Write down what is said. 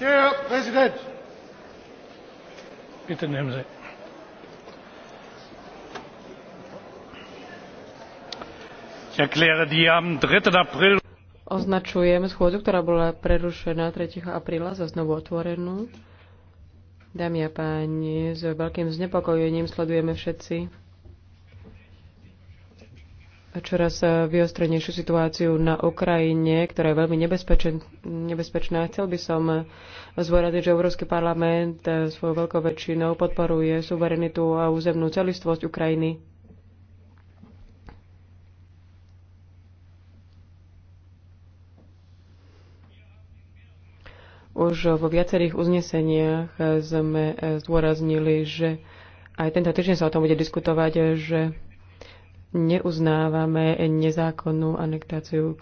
Herr Präsident! Bitte nehmen Sie. Ich erkläre die am 3. April Označujem schôdzu, ktorá bola prerušená 3. apríla za znovu otvorenú. Dámy a páni, s veľkým znepokojením sledujeme všetci čoraz e, vyostrenejšiu situáciu na Ukrajine, ktorá je veľmi nebezpečná. Chcel by som e, zvoraziť, že Európsky parlament e, svojou veľkou väčšinou podporuje suverenitu a územnú celistvosť Ukrajiny. Už vo viacerých uzneseniach sme zdôraznili, že aj tento týždeň sa o tom bude diskutovať, že neuznávame nezákonnú anektáciu